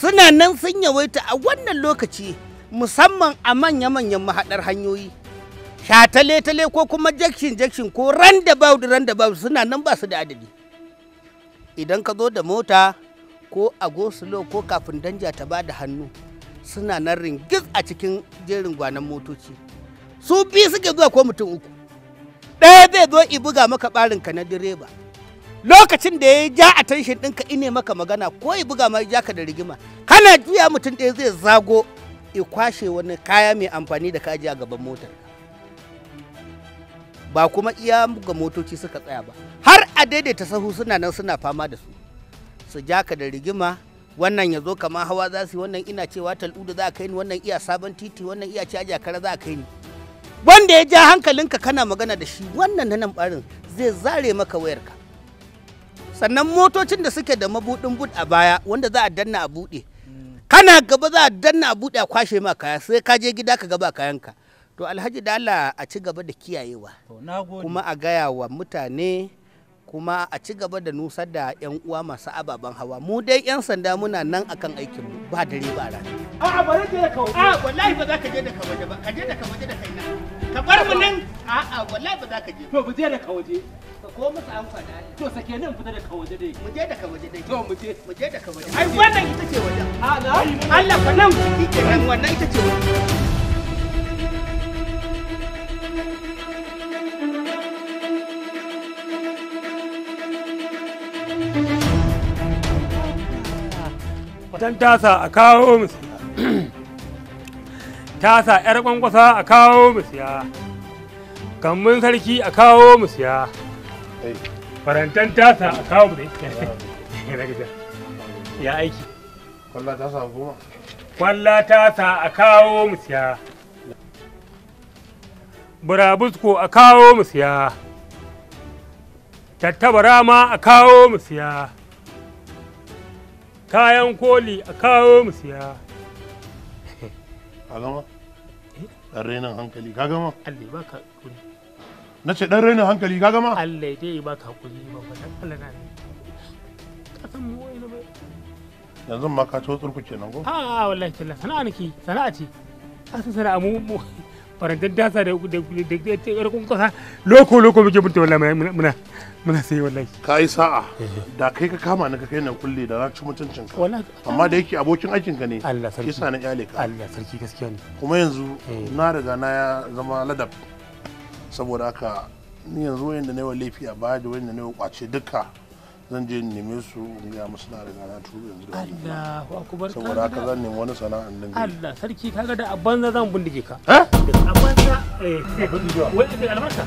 suna nan sun yawaita a wannan lokaci musamman a manya-manyan mahaɗar hanyoyi shatale-tale ko kuma jakshin-jakshin ko da roundabout suna nan ba su da adadi idan ka zo da mota ko gosulo ko kafin danja ta ba da hannu suna nan ringis a cikin jerin gwanan motoci su biyu suke zuwa ko mutum uku ɗaya zai zo i buga maka ɓarin ka na direba lokacin da ya ja a tanshin ɗinka ine maka magana ko ya buga ma ya ka da rigima kana juya mutum ɗaya zai zago ya kwashe wani kaya mai amfani da kaji a gaban motar ba kuma iya ga motoci suka tsaya ba har a daidaita sahu suna nan suna fama da su su ja ka da rigima wannan ya zo kama hawa za su yi wannan ina cewa tal'udu za a kai ni wannan iya sabon titi wannan iya caji kara za a kai ni wanda ya ja hankalinka kana magana da shi wannan nan barin zai zare maka wayarka sannan motocin da suke da mabudin bud a baya wanda za a danna a bude kana gaba za a danna a bude a kwashe ma kaya sai ka je gida ka gaba kayanka to alhaji da Allah a ci gaba da kiyayewa kuma a gaya wa mutane kuma a ci gaba da nusar da 'yan uwa masu ababen hawa mu dai 'yan sanda muna nan akan aikin mu ba dare ba rana a'a ba bari da kawo a'a wallahi ba za ka je da waje ba ka je da waje da kaina ka bar mu nan a'a wallahi ba za ka je to ba je da waje ko musu an faɗa to sake nan fita daga waje dai mu je daga waje dai to mu je mu je daga waje ai wannan ita ce wajen Allah fa nan ita nan wannan ita ce wajen don tasa a kawo mu siya tasa 'yar kwankwasa a kawo mu siya gammun sarki a kawo mu siya farantan tasa a kawo ne ya Ya aiki kwalla ta samu goma kwalla ta sa a kawo mu siya burabusko a kawo mu siya tattabara ma a kawo mu siya kayan koli a kawo mu siya a gama eh? ɗan renin hankali ka gama alli ba ka na ce dan raina hankali ka gama Allah dai yi baka hakuri ba fa dan Allah na ka san mu ina ba yanzu ma ka to tsurku kenan ko a a wallahi talla sana'a niki sana'a ce asan sana'a mu mu farantar daddasa da da da kun kasa loko loko muke mutu wallahi muna muna sai wallahi ka yi sa'a eh. da kai ka kama ni ka kai na kulle da na ci mutuncin ka amma da yake abokin aikin ka ne Allah sarki yasa na iyale ka Allah sarki gaskiya ne kuma yanzu eh. na riga na ya zama ladab saboda haka ni yanzu wayan da yi laifi a baya da wayan da yi kwace duka zan je neme su in gaya musu na riga na turu yanzu da Allahu akbar saboda haka zan nemi wani sana'an din Allah sarki kaga da abanza zan bindige ka eh da abanza eh bindige wai da albarka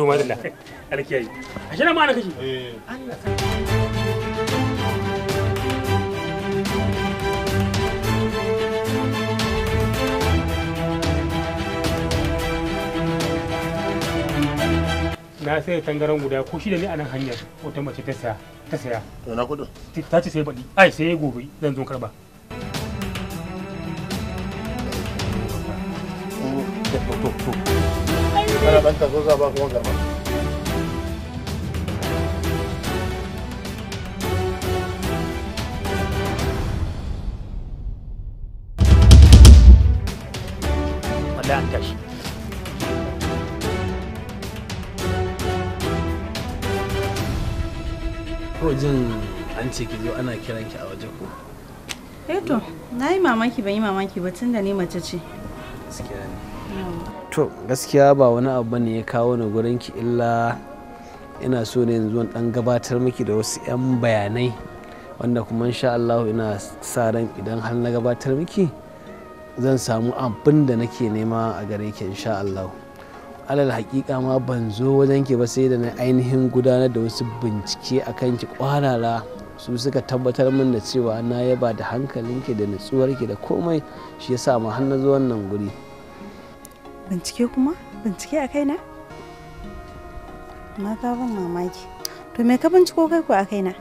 to madalla alkiyayi a shi ma ana kashi na eh. sai tangaran guda ko shida ne a nan hanyar wata mace ta saya ta saya to na kudin ta ce sai baɗi ai sai gobe zan zo karba to to to kana ɗan kaso zoza ba kuma garba ko jin an ce ki zo ana kiran ki a waje ko eh na yi mamaki ban yi mamaki ba tun da ni mace ce gaskiya ne to gaskiya ba wani abu ne ya kawo ni gurin ki illa ina so ne yanzu dan gabatar miki da wasu 'yan bayanai wanda kuma insha Allah ina sa ran idan har na gabatar miki zan samu abin da nake nema a gare ki insha Allah alal hakika ma ban zo wajen ki ba sai da na ainihin gudanar da wasu bincike akan ki kwarara su suka tabbatar min da cewa na yaba da hankalinki da nutsuwarki da komai shi yasa ma har na zo wannan guri bincike kuma bincike a kaina na ka ban mamaki to me ka binciko kai ko a kaina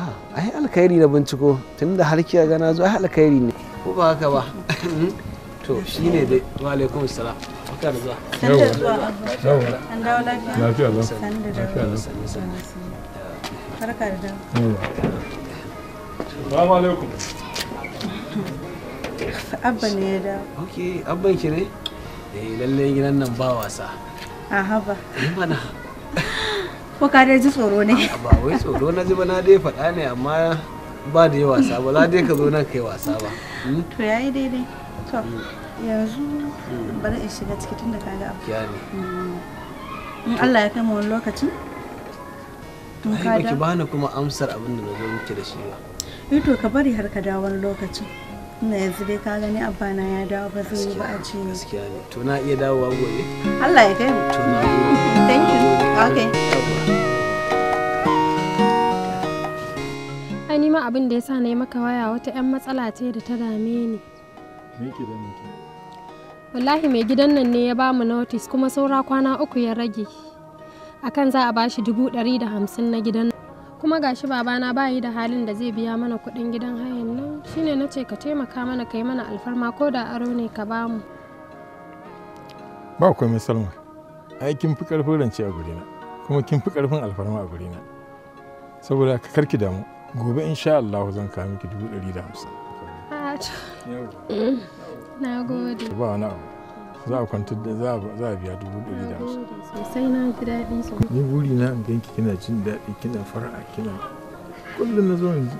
a ai alkhairi na binciko tunda har kiya gana zo ai alkhairi ne ko ba haka ba hmm? to shine dai wa alaikum salam barka da zuwa san da zuwa an dawo lafiya lafiya Allah san da dawo barka da zuwa assalamu alaikum abba ne ya dawo okay abban ki ne eh lallai gidan nan ba wasa a haba mana ko ka dai ji tsoro ne ba wai tsoro na ji ba na dai faɗa ne amma ba da yi wasa ba la dai ka zo nan kai wasa ba to yayi daidai to hmm. yanzu hmm. bari in shiga ciki tunda ka ga abu ne hmm. in Allah ya kai mu wani lokacin in ka da baki bani kuma amsar abin da na zo miki da shi ba eh, to ka bari har ka dawo wani lokacin na yanzu dai ka gani abba na ya dawo ba zai yi ba a ce gaskiya ne to na iya dawowa gobe Allah ya kai mu to na thank you okay ai nima abin da yasa na yi maka waya wata yan matsala ce da ta dame ni me ke da miki wallahi mai gidan nan ne ya ba mu notice kuma saura kwana uku ya rage akan za a bashi dubu ɗari da hamsin na gidan kuma gashi babana bayi da halin da zai biya mana kuɗin gidan hayan nan shine na ce ka taimaka mana ka yi mana alfarma ko da aro ne ka bamu ba mai salma ai kin fi karfin rance a gurina kuma kin fi karfin alfarma a gurina saboda ka karki damu gobe insha Allah zan kawo miki dubu ɗari da hamsin na gode ba wani abu za a kwantar da za a biya dubu ɗari da hamsin. Sosai na ji daɗi sosai. Ni buri na in ganki kina jin daɗi kina fara'a kina kullum na zo in ji.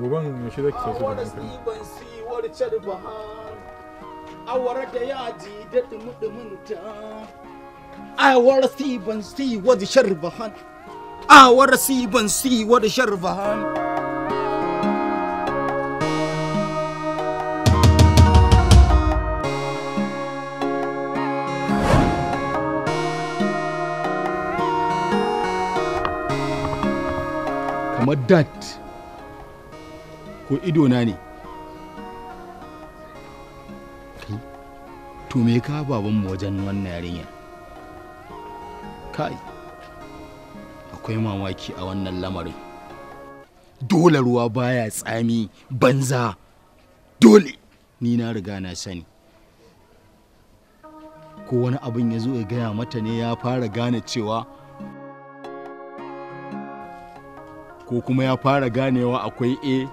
Goban yaushe za ki sasu da hankali. Awar da yaji da ɗumi-ɗuminta. Awar si ban si wa da sharbahan. Awar si ban si wa kamar dat ko idona ne to me ka babanmu wajen wannan yarinya kai akwai mamaki a wannan lamarin dole ruwa baya tsami banza dole ni na riga na sani ko wani abin ya zo ya gaya mata ne ya fara gane cewa ko kuma ya fara ganewa akwai a eh,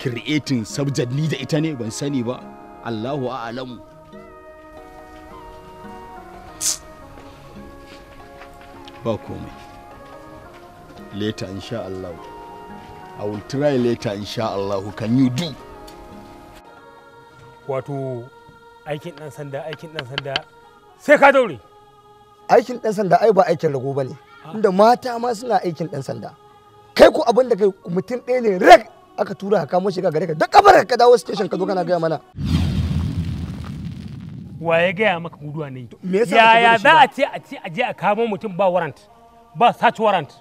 creating subject ni da ita ne ban sani ba allahu a'alamu ba komai later insha allahu i will try later insha allahu can you do wato aikin dan sanda aikin dan sanda sai ka daure aikin dan sanda ai ba aikin rago bane inda ah. mata ma suna aikin dan sanda kai ko abin da kai mutum ɗaya ne rek aka tura ka kamo shiga gare ka da kabar ka dawo station ka zo kana gaya mana wa ya gaya maka guduwa ne yaya za a ce a ce a je a kamo mutum ba warrant ba search warrant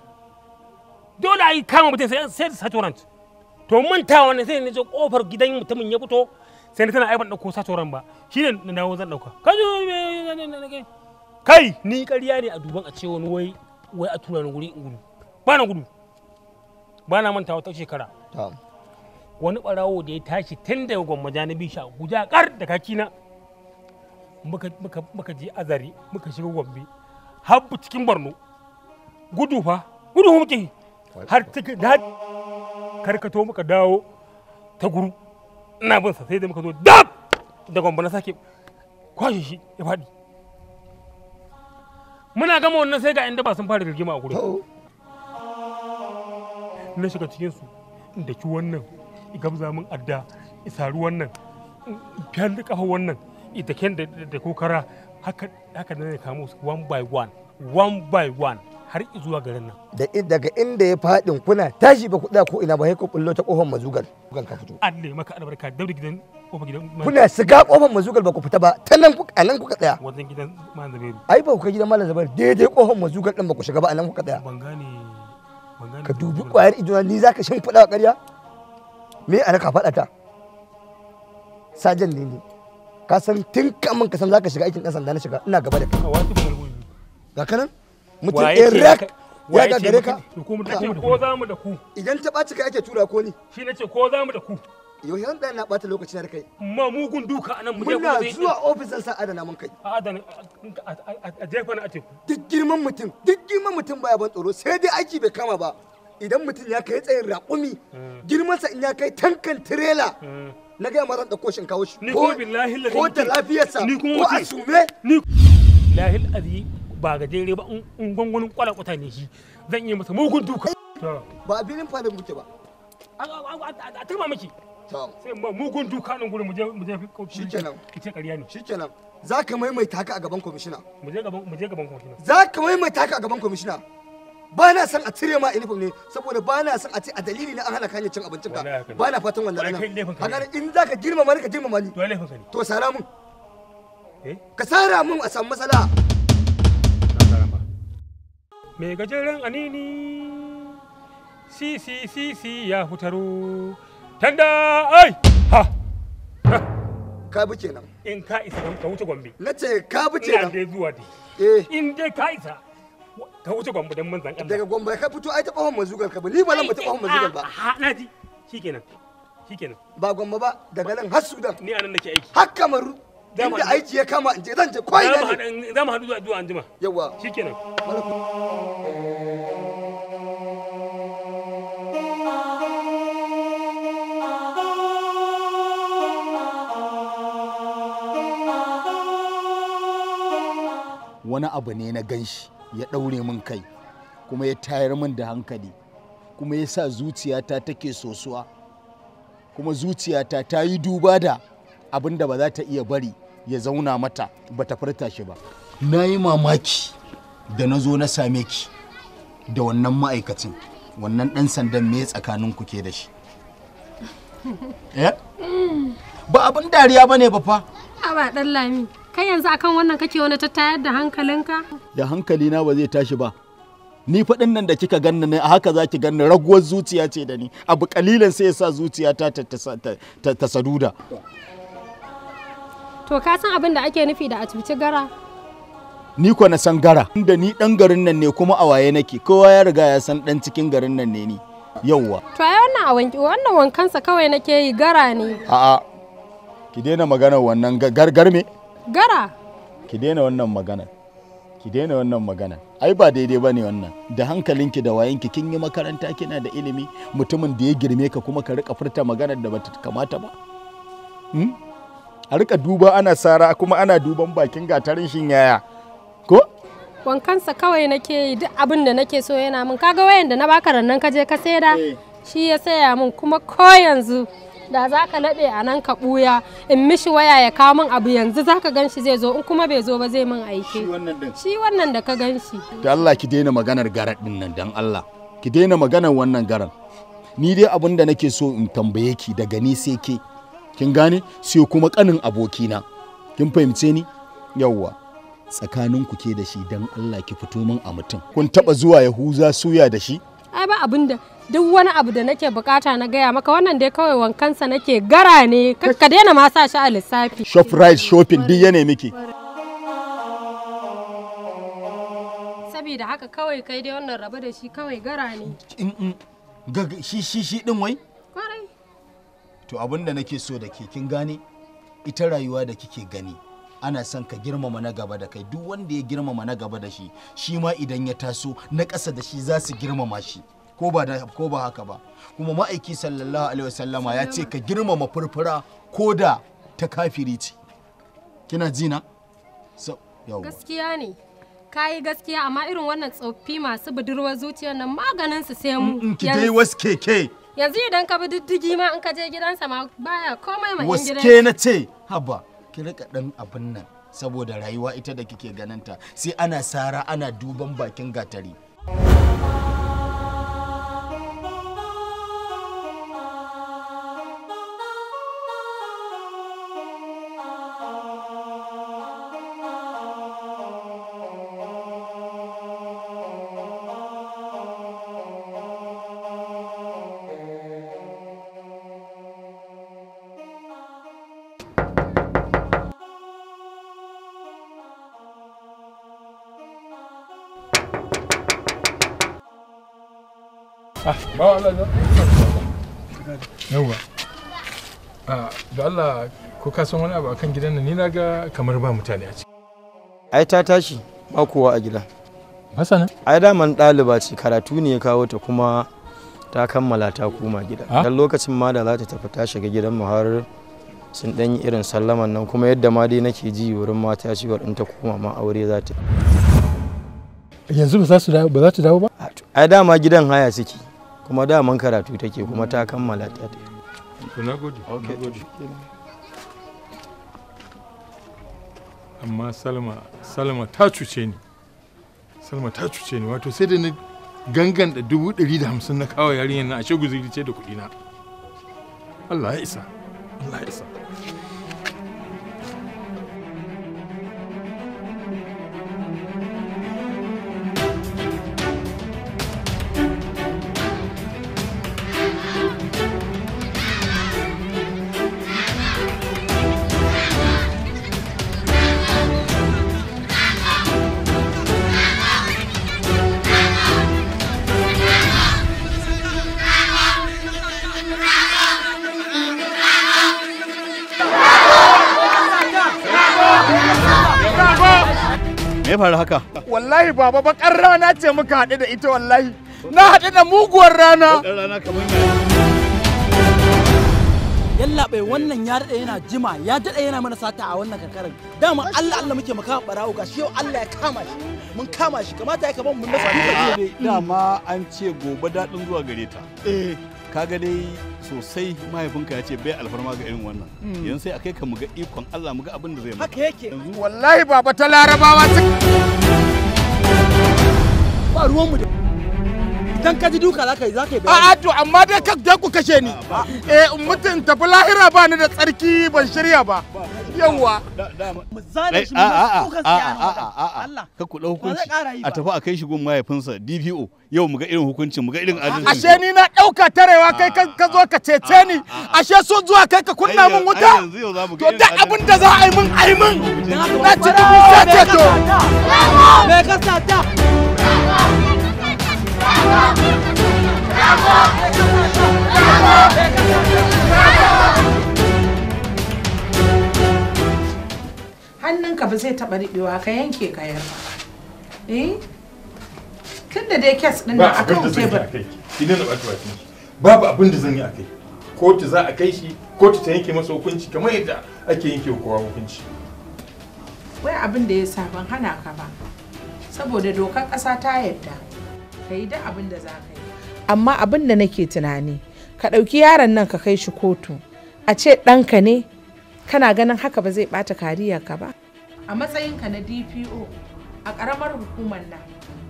dole a yi kama mutum sai da search warrant to mun ta wani sai ne kofar gidan mutumin ya fito sai tana ban dauko search warrant ba shine na dawo zan dauka kai ni ƙarya ne a duban a ce wani wai wai a tura ni guri in gudu ba na gudu ba na manta wata shekara wani barawo da ya tashi tun daga gwamma janibi sha guja kar da na muka je azare muka shiga gombe habu cikin borno gudu fa gudu muke har da karkato muka dawo ta guru ina bin sa sai da muka zo dab da gombe na sake kwashe shi ya faɗi muna gama wannan sai ga inda ba sun fara rigima a gurin na shiga cikinsu da ki wannan in gamza min adda isaru wannan fiyar da kafa wannan ita ken da kokara haka da ne kamo su one by one one by one har zuwa garin nan. Da daga inda ya faɗin kuna tashi ba kuɗa ko ina ba haiku kullo ta kofar mazugal kan ka fito. Allah ya maka albarka da gidan kofar gidan. Kuna shiga kofar mazugal ba ku fita ba ta nan a nan kuka tsaya. wannan gidan Malam Zabairu. Ai ba ku kai gidan Malam Zabairu daidai kofar mazugal din ba ku shiga ba a nan kuka tsaya. Ban gane ka dubi ƙwayar idona ni za ka shan faɗa wa ƙarya me ana ka faɗa ta sajan ne ne ka san tun kamun ka san za ka shiga aikin ɗan sanda na shiga ina gaba da Ka ga kanan mutum ya rak ya ga gare ka ko za mu da ku idan ta ɓaci ka ake tura ko ni shi nace ko za mu da ku yau yan da na bata lokaci da kai ma mugun duka anan muje kuma zai zuwa ofisin sa adana mun kai a adana a jefa na a teku duk girman mutum duk girman mutum baya ban tsoro sai dai aiki bai kama ba idan mutum ya kai tsayin raƙumi sa in ya kai tankan tirela na gaya maran da koshin kawo shi ko da lafiyarsa ko a sume ni lahil azi ba ga gajere ba in gwangwanin kwalakwata ne shi zan yi masa mugun duka ba a filin falin muke ba a turma miki sai mugun duka nan gurin muje je shikenan Shi ce za ka maimaita haka a gaban kwamishina mu je gaban mu za ka maimaita haka a gaban kwamishina ba na san a cire ma uniform ne saboda ba na san a ce a dalili na an hana ka cin abincin ka ba na fatan wannan ranar a ganin in za ka girmama ni ka girmama ni to sara mun eh? ka sara mun a samu matsala mai gajeren anini si si si si ya hutaro tanda ai ha ka bi kenan in ka isa ka wuce gombe na ce ka bi kenan ina zuwa dai eh in dai ka isa ka wuce gombe dan manzan Allah daga gombe ka fito ai ta bahon mazugar ka ba ni ba zan ta bahon mazugar ba ha na ji shikenan shikenan ba gombe ba daga nan har Sudan ni anan nake aiki har Kamaru inda aiki ya kama in je zan je koyi ne za mu haɗu zuwa anjima yawa shikenan wani abu ne na ganshi ya ɗaure min kai kuma ya tayar min da hankali kuma ya sa zuciyata take sosuwa kuma zuciyata ta yi duba da abin da ba za ta iya bari ya zauna mata ba ta furta shi ba na yi mamaki da na zo na same ki da wannan ma'aikacin wannan ɗan sandan me tsakanin ku ke da shi eh? ba abin dariya ba ne ba fa ba ɗan lami kai yanzu akan wannan kake wani ta tayar da hankalinka Da hankali na ba zai tashi ba ni faɗin nan da kika ganna ne a haka za ki ganna raguwar zuciya ce da ni abu kalilan sai ya sa zuciya ta ta saduda to ka san abin da ake nufi da a cuci gara ni ko na san gara inda ni dan garin nan ne kuma a waye nake kowa ya riga ya san dan cikin garin nan ne ni yauwa to ai wannan a wanki wannan wankansa kawai nake yi gara ne a'a ki daina maganar wannan gargar me Gara! Ki daina wannan maganar. Ki daina wannan magana Ai ba daidai ba ne wannan. Da hankalinki da wayanki kin yi makaranta kina da ilimi mutumin da ya girme ka kuma ka rika furta maganar da bata kamata ba. Hmm? A rika duba ana sara kuma ana duban bakin gatarin shin yaya. Ko? Wankansa kawai nake yi duk abin da nake so yana min kaga wayan da na baka rannan ka je ka saida eh. shi ya saya min kuma ko yanzu da za ka laɗe a nan ka ɓuya in mishi waya ya kawo min abu yanzu za ka gan shi zai zo in kuma bai zo ba zai min aiki. shi wannan da ka gan shi da Allah ki daina maganar garar din nan dan Allah ki daina maganar wannan garar ni dai abun da nake so in tambaye ki daga ni sai ke kin gane sai kuma kanin abokina kin fahimce ni yawwa tsakanin ku ke da shi dan Allah ki fito min a mutum kun taba zuwa yahuza suya da shi ai ba abin da duk wani abu da nake bukata na gaya maka wannan dai kawai wankansa nake gara ne ka daina ma sa shi a lissafi shop rice shopping duk ya miki. saboda haka kawai kai dai wannan raba da shi kawai gara ne shi shi shi din wai to abin da nake so da ke kin gane ita rayuwa da kike gani ana son ka girmama na gaba da kai duk wanda ya girmama na gaba da shi shi ma idan ya taso na ƙasa da shi za su girmama shi ko ba ko ba haka ba kuma ma'aiki sallallahu alaihi wasallama ya ce ka girmama furfura ko da ta kafiri ce kina ji na gaskiya ne kayi gaskiya amma irin wannan tsoffi masu budurwar zuciyar nan maganin su sai mu ki dai waske ke yanzu idan ka bi diddigi ma in ka je gidansa ma baya komai ma in gidansa waske na ce haba ki rika ɗan abin nan saboda rayuwa ita da kike ganin ta sai ana sara ana duban bakin gatari. ba Allah da yawa a ah, da Allah ko ka san wani abu akan gidan nan ni na ga kamar ba mutane a ciki ai ta tashi ba kowa a gida masana ai daman ɗaliba ce karatu ne ya kawo ta kuma ta kammala ta koma gida ah? dan lokacin ma da za ta tafi ta shiga gidan mu har sun ɗan yi irin sallaman nan kuma yadda ma dai nake ji wurin mata ciwar in ta koma ma aure za ta yanzu ba za su dawo ba za ta dawo ba ai dama gidan haya suke kuma daman karatu take kuma ta kammala ta amma salma salma ta cuce ni salma ta cuce ni wato sai da ni gangan da dubu ɗari da hamsin na kawo yarinyar na ashe guziri ce da kuɗi na allah ya isa allah ya isa wallahi baba bakar rana ce muka haɗu da ita wallahi na haɗu da muguwar rana yalla bai wannan ya daɗe yana jima ya daɗe yana mana sata a wannan karkarar dama allah allah muke maka barawo ga shi yau allah ya kama shi mun kama shi kamata ya kama mun masa duka eh, dama an ce gobe daɗin zuwa gare ta eh. kaga dai sosai mahaifinka ya ce bai alfarma ga irin wannan hmm. yanzu sai a kai ka muga ikon Allah muga abin da zai maka haka yake wallahi baba ta larabawa ba da dan ka ji duka za ka yi za ka yi a'a to amma dai ka dai ku kashe ni eh mutum tafi lahira ba ni da tsarki ban shirya ba yawa. mu zane shi mu kuka siya Allah ka ku dau hukunci a tafi a kai shi gun mahaifinsa DPO yau mu ga irin hukuncin mu ga irin adalci ashe ni na dauka tarewa kai ka zo ka cece ni ashe sun zuwa kai ka kunna min wuta to duk abin da za a yi min a yi min na ci dubu sace to me ka sata hannunka ba zai taɓa riɓewa ka yanke ka yarba eh tun da dai kes ɗin da aka akan tebur babu abin da zan yi a kai kotu za a kai shi kotu ta yanke masa hukunci kamar yadda ake yanke kowa hukunci wai abin da ya sa ban hana ka ba saboda dokar ƙasa ta yadda ka yi da abin da za ka yi amma abin da nake tunani ka ɗauki yaron nan ka kai shi kotu a ce ɗanka ne kana ganin haka ba zai ɓata ka ba a matsayinka na dpo a ƙaramar hukumar nan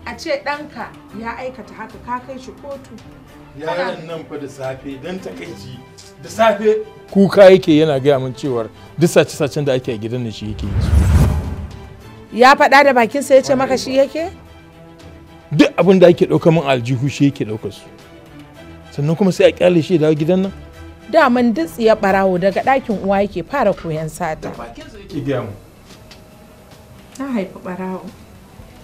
a ce ɗanka ya aikata haka ka kai shi kotu yaron nan fa da safe don takaici da safe kuka yake yana gaya min cewar duk sace-sacen da ake a gidan da shi yake yi ya faɗa da bakinsa ya ce maka shi yake duk abin da ake ɗauka min aljihu shi yake ɗaukar su sannan kuma sai a kyale shi dawo gidan nan daman dutse ya barawo daga ɗakin uwa yake fara koyan sata na haifi barawo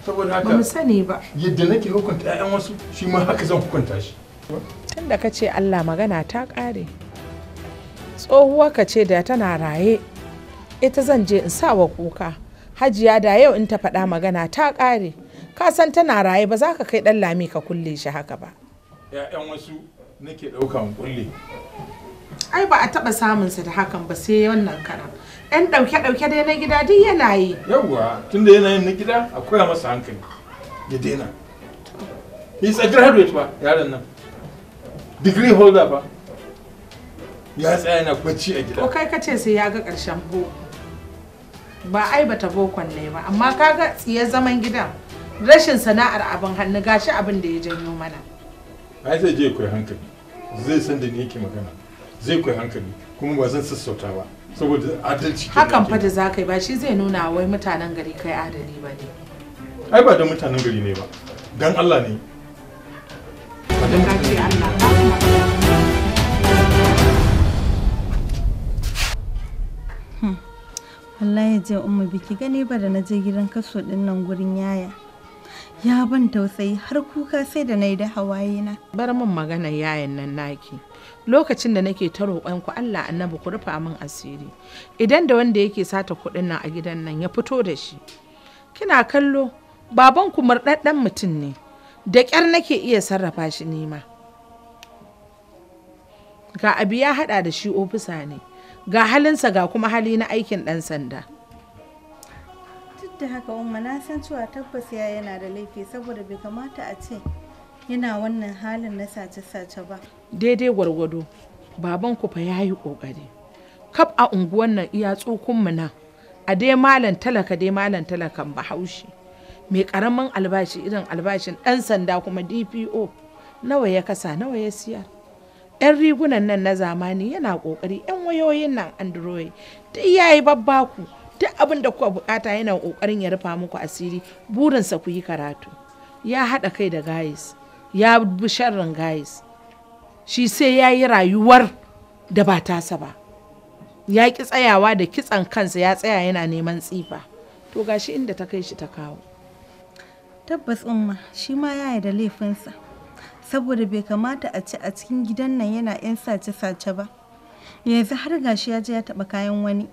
saboda haka ba mu sani ba yadda nake hukunta 'ya'yan wasu shi ma haka zan hukunta shi tun da ka ce allah magana ta ƙare tsohuwa ka ce da tana raye ita zan je in sawa kuka hajiya da yau in ta faɗa magana ta ƙare ka san tana raye ba za ka kai ɗan lami ka kulle shi haka ba ‘ya'yan wasu nake ɗaukan kulle ai ba a taɓa sa da hakan ba sai wannan karan ɗan ɗauke-ɗauke dai na gida duk yana yi yawwa tun da yanayin na gida a koya masa hankali ya daina he's a graduate ba yaron nan degree holder ba ya tsaya na bacci a gida ko kai ka ce sai ya ga ƙarshen boko ba ai bata bokon ne ba amma kaga tsiye zaman gidan rashin sana'ar abin hannu gashi abin da ya janyo mana ai zai je koyi hankali zai san da ni yake magana zai koyi hankali kuma ba zan sassauta ba saboda adalci hakan fa da za ba shi zai nuna wai mutanen gari kai adali ba ne ai ba da mutanen gari ne ba dan Allah ne ba dan Allah ya je umma biki gani ba da na je gidan kaso din nan gurin yaya ya ban tausayi har kuka sai da na yi da hawaye na bar min magana yayan nan naki lokacin da nake ta roƙon ku Allah annabi ku rufa min asiri idan da wanda yake sata kuɗin nan a gidan nan ya fito da shi kina kallo baban ku murɗaɗɗen mutum ne da ƙyar nake iya sarrafa shi nima ga abu ya haɗa da shi ofisa ne ga halinsa ga kuma hali na aikin ɗan sanda duk da haka umma na san cewa tabbas ya yana da laifi saboda bai kamata a ce yana wannan halin na sace-sace ba daidai gwargwado baban ku fa ya yi ƙoƙari kaf a unguwan nan iya tsokunmu nan a dai malam talaka dai malam talakan bahaushe mai ƙaramin albashi irin albashin ɗan sanda kuma dpo nawa ya kasa nawa ya siyar 'yan rigunan nan na zamani yana ƙoƙari 'yan wayoyin nan android duk ya yi babbaku duk abin da kuka bukata yana ƙoƙarin ya rufa muku asiri burinsa ku yi karatu ya haɗa kai da guys ya bi sharrin guys shi sai ya yi rayuwar da ba tasa ba ya ki tsayawa da kitsan kansa ya tsaya yana neman tsifa to gashi inda ta kai shi ta kawo tabbas umma shi ma ya yi da laifinsa saboda bai kamata a ci a cikin gidan nan yana 'yan sace-sace ba yanzu har gashi ya je ya taba kayan wani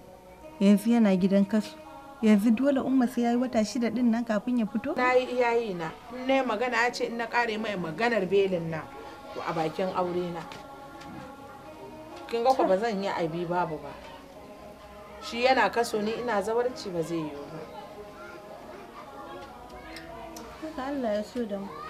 yanzu yana gidan kasu yanzu dole umma sai yayi wata shida din nan kafin ya fito na yi iyayi na ne magana ya ce in na kare mai maganar belin na a bakin aure na kin ga ba zan yi abi babu ba shi yana kaso ni ina zawarci ba zai yi ba Allah ya so da mu